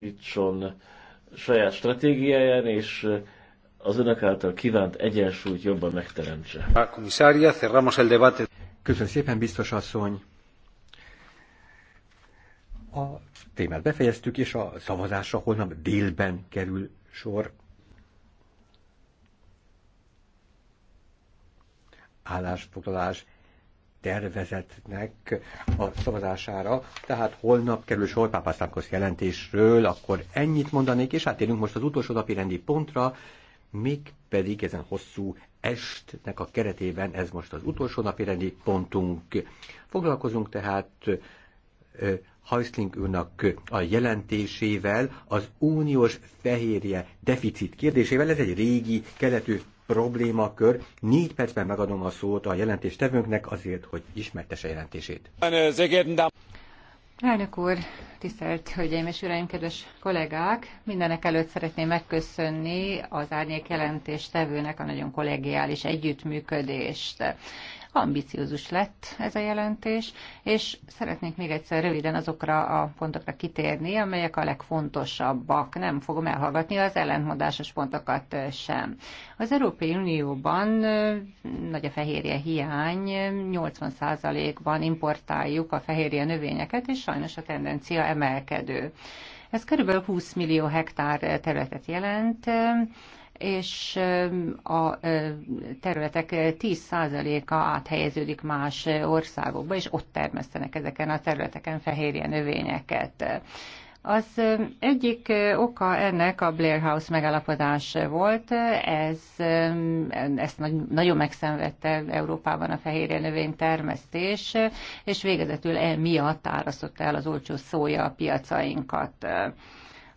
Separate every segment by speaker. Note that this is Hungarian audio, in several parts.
Speaker 1: alakítson saját stratégiáján, és az önök által kívánt egyensúlyt jobban megteremtse. A komisária, cerramos Köszönöm szépen, biztos
Speaker 2: asszony. A témát befejeztük, és a szavazásra holnap délben kerül sor. Állásfoglalás tervezetnek a szavazására, tehát holnap kerül sor Pápászlánkos jelentésről, akkor ennyit mondanék, és átérünk most az utolsó napi rendi pontra, még pedig ezen hosszú estnek a keretében, ez most az utolsó napi rendi pontunk. Foglalkozunk tehát Heusling úrnak a jelentésével, az uniós fehérje deficit kérdésével, ez egy régi keletű problémakör. Négy percben megadom a szót a jelentéstevőnknek azért, hogy ismertesse jelentését.
Speaker 3: Elnök úr, tisztelt Hölgyeim és Uraim, kedves kollégák! Mindenek előtt szeretném megköszönni az árnyék jelentéstevőnek tevőnek a nagyon kollegiális együttműködést. Ambiciózus lett ez a jelentés, és szeretnék még egyszer röviden azokra a pontokra kitérni, amelyek a legfontosabbak. Nem fogom elhallgatni az ellentmondásos pontokat sem. Az Európai Unióban nagy a fehérje hiány, 80%-ban importáljuk a fehérje növényeket, és sajnos a tendencia emelkedő. Ez körülbelül 20 millió hektár területet jelent, és a területek 10%-a áthelyeződik más országokba, és ott termesztenek ezeken a területeken fehérje növényeket. Az egyik oka ennek a Blair House megalapodás volt, ez, ezt nagyon megszenvedte Európában a fehérje növény termesztés, és végezetül emiatt árasztotta el az olcsó szója a piacainkat.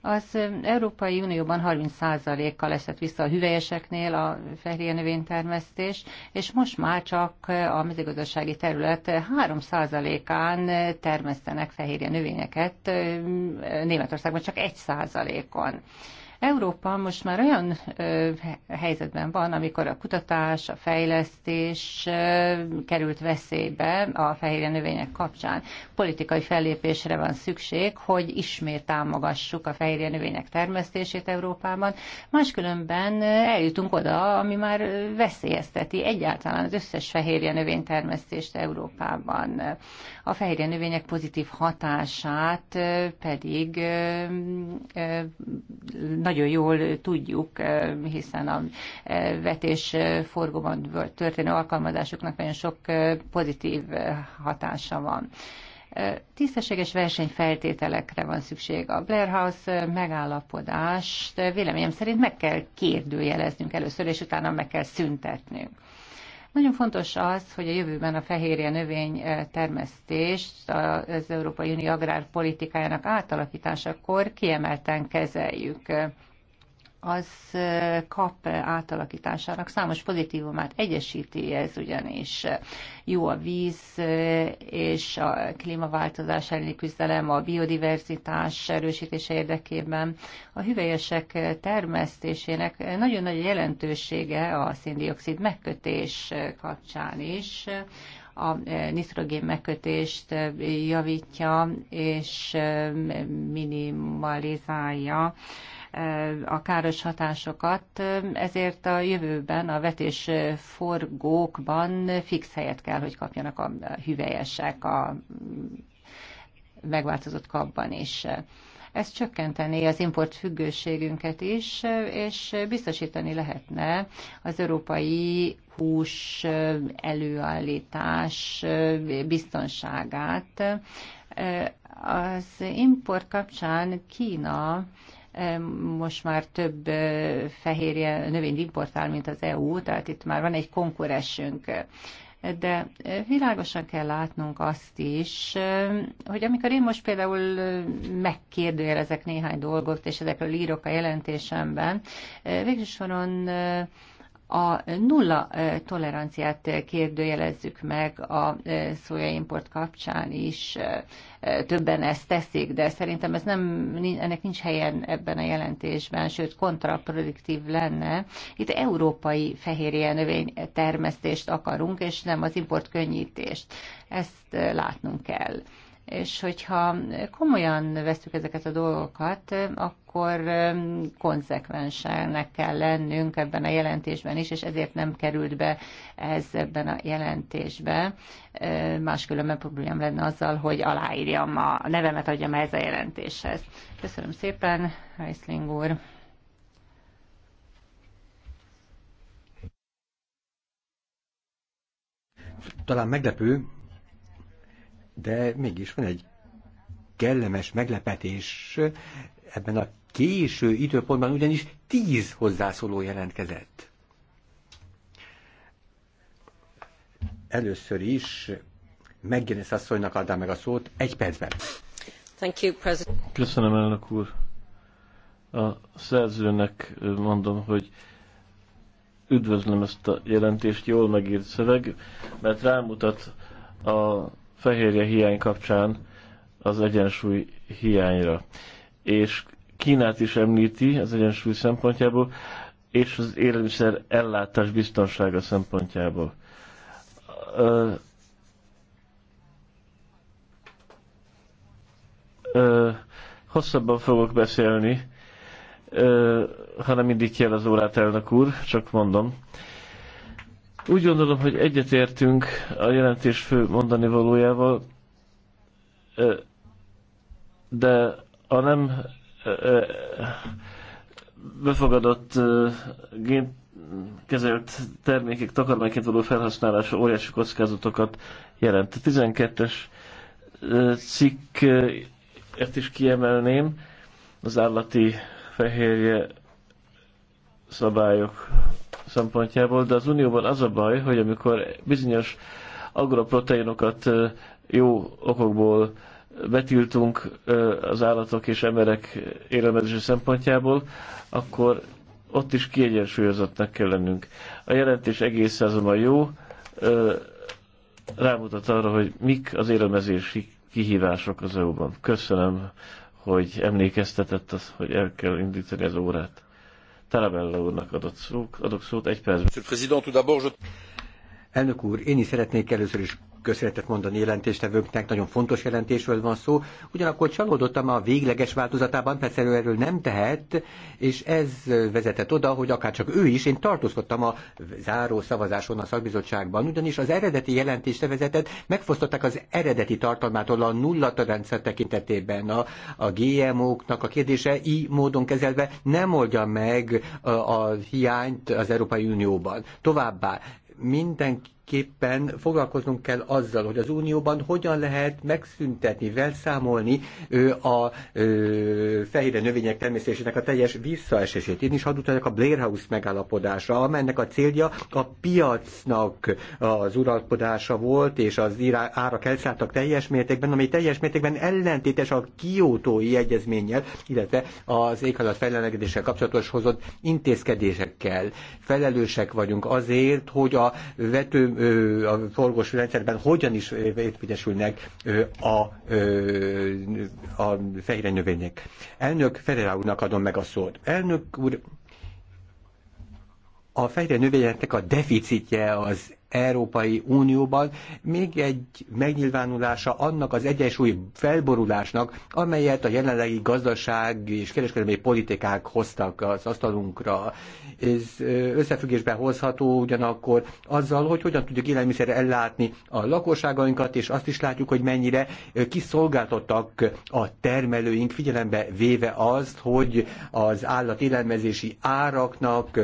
Speaker 3: Az Európai Unióban 30%-kal esett vissza a hüvelyeseknél a fehérje növénytermesztés, és most már csak a mezőgazdasági terület 3%-án termesztenek fehérje növényeket, Németországban csak 1%-on. Európa most már olyan helyzetben van, amikor a kutatás, a fejlesztés került veszélybe a fehérje növények kapcsán. Politikai fellépésre van szükség, hogy ismét támogassuk a fehérje növények termesztését Európában. Máskülönben eljutunk oda, ami már veszélyezteti egyáltalán az összes fehérje növény termesztést Európában. A fehérje növények pozitív hatását pedig ö, nagyon jól tudjuk, eh, hiszen a eh, vetés eh, forgóban történő alkalmazásoknak nagyon sok pozitív hatása van tisztességes versenyfeltételekre van szükség. A Blair House megállapodást véleményem szerint meg kell kérdőjeleznünk először, és utána meg kell szüntetnünk. Nagyon fontos az, hogy a jövőben a fehérje növény eh, termesztést az Európai Unió agrárpolitikájának átalakításakor kiemelten kezeljük az kap átalakításának számos pozitívumát egyesíti ez ugyanis. Jó a víz és a klímaváltozás elleni küzdelem, a biodiverzitás erősítése érdekében. A hüvelyesek termesztésének nagyon nagy jelentősége a széndiokszid megkötés kapcsán is a nitrogén megkötést javítja és minimalizálja a káros hatásokat, ezért a jövőben a vetés forgókban fix helyet kell, hogy kapjanak a hüvelyesek a megváltozott kapban is. Ez csökkenteni az import függőségünket is, és biztosítani lehetne az európai hús előállítás biztonságát. Az import kapcsán Kína most már több fehérje növényt importál, mint az EU, tehát itt már van egy konkurensünk de világosan kell látnunk azt is, hogy amikor én most például megkérdőjelezek néhány dolgot, és ezekről írok a jelentésemben, végsősoron a nulla toleranciát kérdőjelezzük meg a szójaimport kapcsán is. Többen ezt teszik, de szerintem ez nem, ennek nincs helyen ebben a jelentésben, sőt kontraproduktív lenne. Itt európai fehérje növény termesztést akarunk, és nem az import könnyítést. Ezt látnunk kell és hogyha komolyan veszük ezeket a dolgokat, akkor konzekvensenek kell lennünk ebben a jelentésben is, és ezért nem került be ez ebben a jelentésbe. Máskülönben problémám lenne azzal, hogy aláírjam a nevemet, adjam ehhez a jelentéshez. Köszönöm szépen, Heisling úr.
Speaker 2: Talán meglepő, de mégis van egy kellemes meglepetés ebben a késő időpontban, ugyanis tíz hozzászóló jelentkezett. Először is Megjelenés asszonynak adnám meg a szót egy percben.
Speaker 3: Thank you, President.
Speaker 1: Köszönöm, elnök úr. A szerzőnek mondom, hogy üdvözlöm ezt a jelentést, jól megírt szöveg, mert rámutat a fehérje hiány kapcsán az egyensúly hiányra. És Kínát is említi az egyensúly szempontjából, és az élelmiszer ellátás biztonsága szempontjából. Ö, ö, hosszabban fogok beszélni, ö, hanem indítja el az órát, elnök úr, csak mondom. Ö, úgy gondolom, hogy egyetértünk a jelentés fő mondani valójával, de a nem befogadott kezelt termékek takarmányként való felhasználása óriási kockázatokat jelent. A 12-es ezt is kiemelném, az állati fehérje szabályok szempontjából, de az Unióban az a baj, hogy amikor bizonyos agroproteinokat jó okokból betiltunk az állatok és emberek élelmezési szempontjából, akkor ott is kiegyensúlyozottnak kell lennünk. A jelentés egész azonban jó, rámutat arra, hogy mik az élelmezési kihívások az EU-ban. Köszönöm, hogy emlékeztetett, az, hogy el kell indítani az órát. Talabella úrnak adott szót, adok szót egy percben.
Speaker 2: Elnök úr, én is szeretnék először is köszönetet mondani jelentéstevőknek, nagyon fontos jelentésről van szó. Ugyanakkor csalódottam a végleges változatában, persze ő erről nem tehet, és ez vezetett oda, hogy akárcsak ő is, én tartózkodtam a záró szavazáson a szakbizottságban, ugyanis az eredeti jelentéstevezetet megfosztották az eredeti tartalmától a nulla tekintetében. A, a GMO-knak a kérdése így módon kezelve nem oldja meg a, a hiányt az Európai Unióban. Továbbá mindenki képpen foglalkoznunk kell azzal, hogy az Unióban hogyan lehet megszüntetni, velszámolni a ö, növények termesztésének a teljes visszaesését. Én is hadd utaljak a Blair House megállapodásra, amelynek a célja a piacnak az uralkodása volt, és az árak elszálltak teljes mértékben, ami teljes mértékben ellentétes a kiótói egyezménnyel, illetve az éghajlat fejlenegedéssel kapcsolatos hozott intézkedésekkel. Felelősek vagyunk azért, hogy a vető a forgós rendszerben hogyan is érvényesülnek a, a fehér növények. Elnök Ferrera úrnak adom meg a szót. Elnök úr, a fehér növényeknek a deficitje az Európai Unióban még egy megnyilvánulása annak az egyensúly felborulásnak, amelyet a jelenlegi gazdaság és kereskedelmi politikák hoztak az asztalunkra. Ez összefüggésbe hozható ugyanakkor azzal, hogy hogyan tudjuk élelmiszerre ellátni a lakosságainkat, és azt is látjuk, hogy mennyire kiszolgáltottak a termelőink, figyelembe véve azt, hogy az állatélelmezési áraknak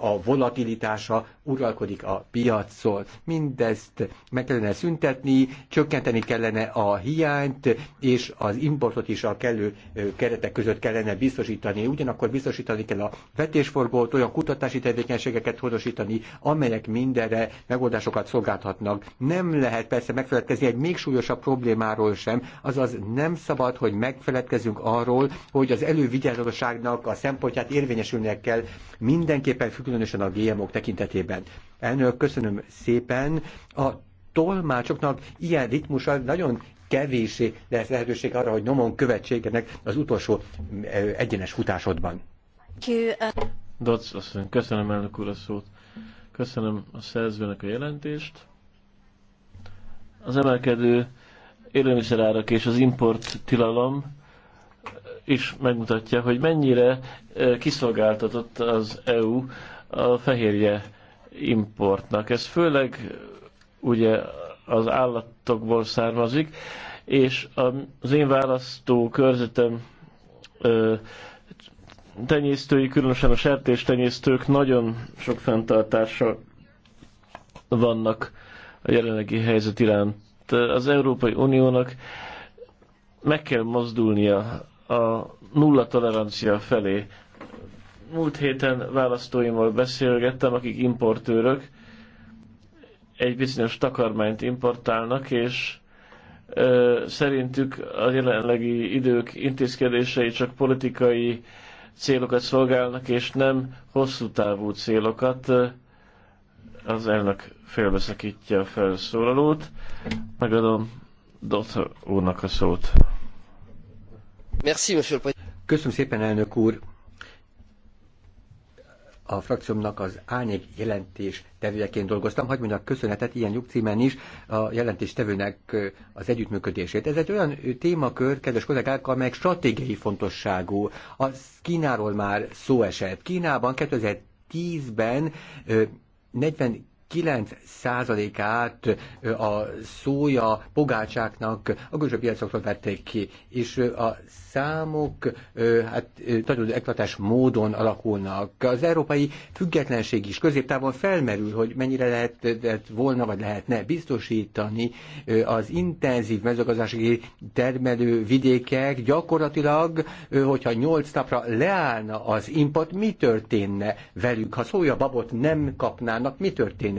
Speaker 2: a volatilitása uralkodik a piac szól. Mindezt meg kellene szüntetni, csökkenteni kellene a hiányt, és az importot is a kellő keretek között kellene biztosítani. Ugyanakkor biztosítani kell a vetésforgót, olyan kutatási tevékenységeket hozosítani, amelyek mindenre megoldásokat szolgálhatnak. Nem lehet persze megfeledkezni egy még súlyosabb problémáról sem, azaz nem szabad, hogy megfeledkezünk arról, hogy az elővigyázatosságnak a szempontját érvényesülnie kell mindenképpen, különösen a GMO-k tekintetében. Elnök, köszönöm szépen a tolmácsoknak ilyen ritmusa nagyon kevésé lesz lehetőség arra, hogy nomon követségenek az utolsó egyenes
Speaker 1: futásodban. Uh, Doc, köszönöm elnök úr a szót. Köszönöm a szerzőnek a jelentést. Az emelkedő élelmiszerárak és az import tilalom is megmutatja, hogy mennyire kiszolgáltatott az EU a fehérje importnak. Ez főleg ugye az állatokból származik, és az én választó körzetem tenyésztői, különösen a sertéstenyésztők nagyon sok fenntartással vannak a jelenlegi helyzet iránt. Az Európai Uniónak meg kell mozdulnia a nulla tolerancia felé múlt héten választóimmal beszélgettem, akik importőrök, egy bizonyos takarmányt importálnak, és ö, szerintük a jelenlegi idők intézkedései csak politikai célokat szolgálnak, és nem hosszú távú célokat. Az elnök félbeszakítja a felszólalót. Megadom Dott úrnak a szót. Merci, Köszönöm szépen,
Speaker 2: elnök úr! a frakciómnak az Ányék jelentés tevőjeként dolgoztam. hogy mondjak köszönetet ilyen nyugcímen is a jelentés tevőnek az együttműködését. Ez egy olyan témakör, kedves kollégák, amely stratégiai fontosságú. A Kínáról már szó esett. Kínában 2010-ben 40 9%-át a szója pogácsáknak a piacokról vették ki, és a számok hát, nagyon eklatás módon alakulnak. Az európai függetlenség is középtávon felmerül, hogy mennyire lehetett volna, vagy lehetne biztosítani az intenzív mezőgazdasági termelő vidékek gyakorlatilag, hogyha 8 napra leállna az import, mi történne velük? Ha szója babot nem kapnának, mi történne?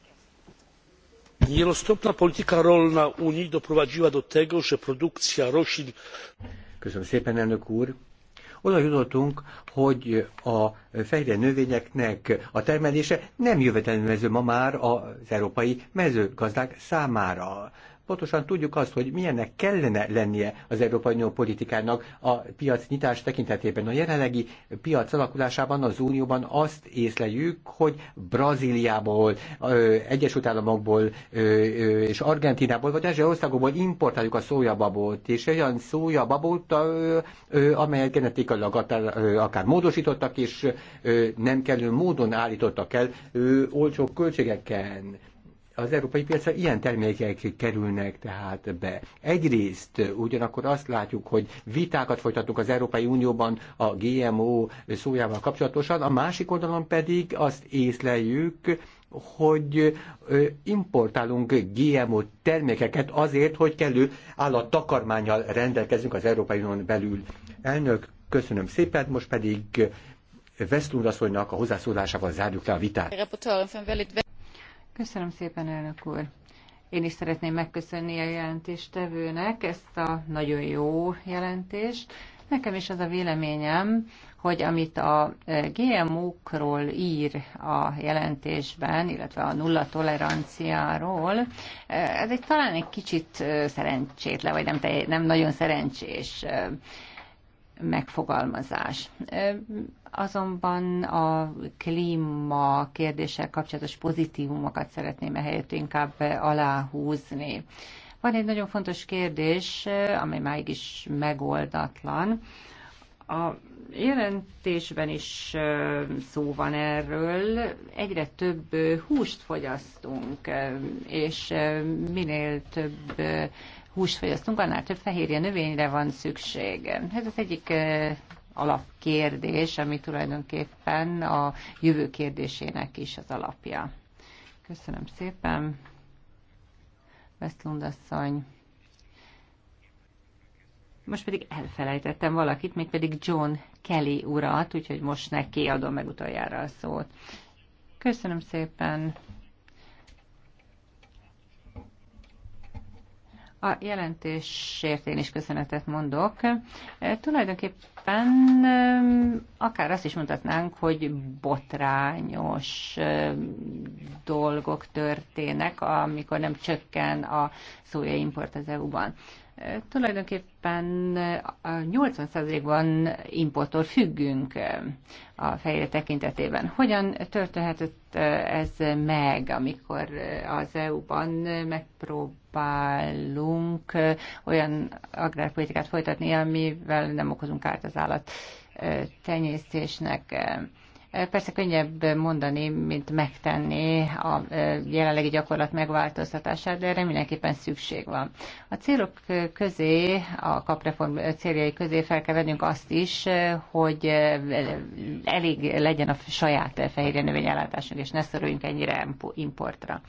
Speaker 1: nieroztropna polityka rolna unii doprowadziła do tego że produkcja roślin Köszönöm szépen, elnök úr! Oda
Speaker 2: jutottunk, hogy a fehérje a termelése nem jövedelmező ma már az európai mezőgazdák számára pontosan tudjuk azt, hogy milyennek kellene lennie az Európai Unió politikának a piac nyitás tekintetében. A jelenlegi piac alakulásában az Unióban azt észleljük, hogy Brazíliából, Egyesült Államokból és Argentinából, vagy ázsiai országokból importáljuk a szójababot, és olyan szójababot, amelyet genetikailag akár módosítottak, és nem kellő módon állítottak el olcsó költségeken az európai piacra ilyen termékek kerülnek tehát be. Egyrészt ugyanakkor azt látjuk, hogy vitákat folytatunk az Európai Unióban a GMO szójával kapcsolatosan, a másik oldalon pedig azt észleljük, hogy importálunk GMO termékeket azért, hogy kellő állattakarmányjal rendelkezünk az Európai Unión belül. Elnök, köszönöm szépen, most pedig Veszlund asszonynak a hozzászólásával zárjuk le a vitát.
Speaker 3: Köszönöm szépen, elnök úr. Én is szeretném megköszönni a jelentéstevőnek ezt a nagyon jó jelentést. Nekem is az a véleményem, hogy amit a GMO-król ír a jelentésben, illetve a nulla toleranciáról, ez egy talán egy kicsit szerencsétlen, vagy nem, nem nagyon szerencsés megfogalmazás. Azonban a klíma kérdéssel kapcsolatos pozitívumokat szeretném ehelyett inkább aláhúzni. Van egy nagyon fontos kérdés, amely máig is megoldatlan. A jelentésben is szó van erről. Egyre több húst fogyasztunk, és minél több húst fogyasztunk, annál több fehérje növényre van szükség. Ez az egyik alapkérdés, ami tulajdonképpen a jövő kérdésének is az alapja. Köszönöm szépen. Westlund asszony. Most pedig elfelejtettem valakit, még pedig John Kelly urat, úgyhogy most neki adom meg utoljára a szót. Köszönöm szépen. A jelentésért én is köszönetet mondok. E, tulajdonképpen e, akár azt is mondhatnánk, hogy botrányos e, dolgok történnek, amikor nem csökken a import az EU-ban tulajdonképpen 80%-ban importtól függünk a fejre tekintetében. Hogyan történhetett ez meg, amikor az EU-ban megpróbálunk olyan agrárpolitikát folytatni, amivel nem okozunk kárt az állat tenyésztésnek? Persze könnyebb mondani, mint megtenni a jelenlegi gyakorlat megváltoztatását, de erre mindenképpen szükség van. A célok közé, a kapreform céljai közé fel kell vennünk azt is, hogy elég legyen a saját fehérje növényellátásunk, és ne szoruljunk ennyire importra.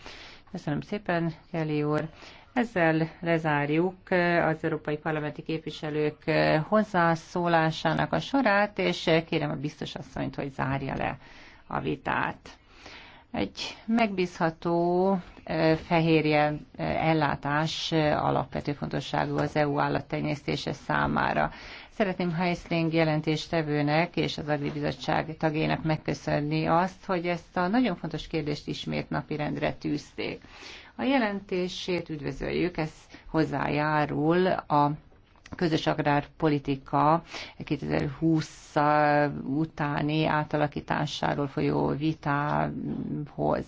Speaker 3: Köszönöm szépen, Kelly úr. Ezzel lezárjuk eh, az európai parlamenti képviselők eh, hozzászólásának a sorát, és eh, kérem a biztos asszonyt, hogy zárja le a vitát. Egy megbízható fehérje ellátás alapvető fontosságú az EU állattenyésztése számára. Szeretném Heisling jelentéstevőnek és az Agribizottság tagjának megköszönni azt, hogy ezt a nagyon fontos kérdést ismét napirendre tűzték. A jelentését üdvözöljük, ez hozzájárul a közös agrárpolitika 2020 utáni átalakításáról folyó vitához,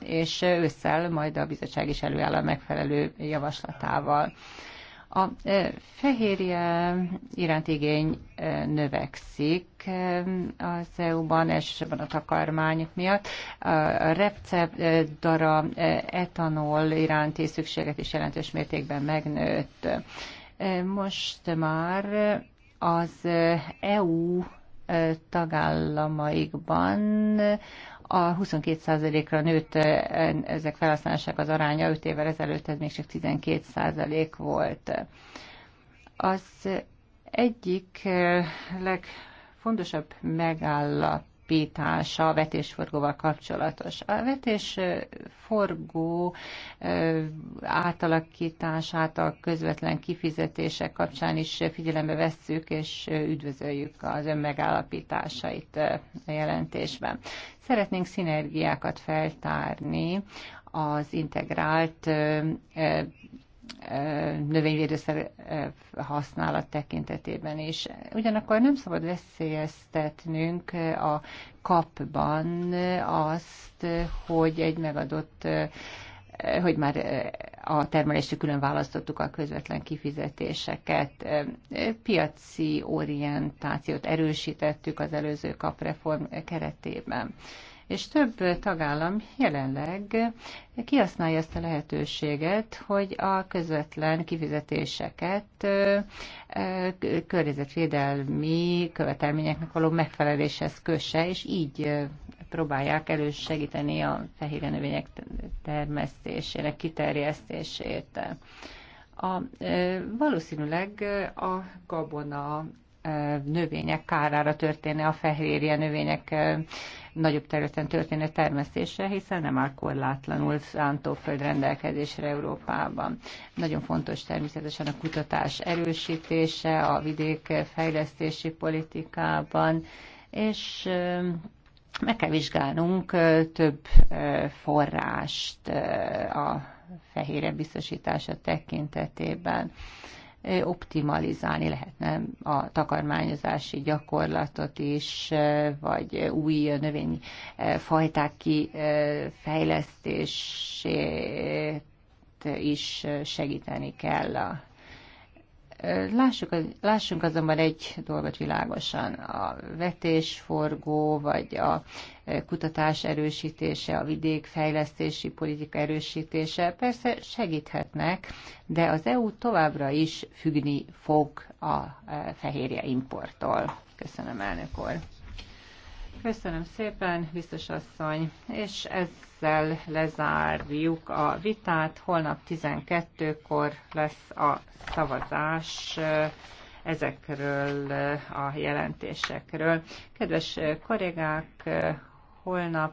Speaker 3: és ősszel majd a bizottság is előáll a megfelelő javaslatával. A e, fehérje iránt igény e, növekszik e, az EU-ban, elsősorban a takarmány miatt. A dara etanol iránti szükséget is jelentős mértékben megnőtt. Most már az EU tagállamaikban a 22%-ra nőtt ezek felhasználásának az aránya 5 évvel ezelőtt, ez még csak 12% volt. Az egyik legfontosabb megállap megállapítása a vetésforgóval kapcsolatos. A vetésforgó átalakítását a közvetlen kifizetések kapcsán is figyelembe vesszük, és üdvözöljük az ön megállapításait a jelentésben. Szeretnénk szinergiákat feltárni az integrált növényvédőszer használat tekintetében is. Ugyanakkor nem szabad veszélyeztetnünk a kapban azt, hogy egy megadott hogy már a termelésre külön választottuk a közvetlen kifizetéseket. Piaci orientációt erősítettük az előző kapreform keretében és több tagállam jelenleg kihasználja ezt a lehetőséget, hogy a közvetlen kifizetéseket környezetvédelmi követelményeknek való megfeleléshez köse, és így próbálják elősegíteni a fehér növények termesztésének kiterjesztését. A, valószínűleg a gabona növények kárára történne a fehérje növények nagyobb területen történő termesztésre, hiszen nem áll korlátlanul szántóföld rendelkezésre Európában. Nagyon fontos természetesen a kutatás erősítése a vidék fejlesztési politikában, és meg kell vizsgálnunk több forrást a fehérebb biztosítása tekintetében optimalizálni lehetne a takarmányozási gyakorlatot is, vagy új növényfajták kifejlesztését is segíteni kell a Lássuk, lássunk azonban egy dolgot világosan. A vetésforgó, vagy a e, kutatás erősítése, a vidékfejlesztési politika erősítése persze segíthetnek, de az EU továbbra is függni fog a e, fehérje importtól. Köszönöm, elnök úr. Köszönöm szépen, biztos asszony, és ez ezzel lezárjuk a vitát. Holnap 12-kor lesz a szavazás eh, ezekről eh, a jelentésekről. Kedves eh, kollégák, holnap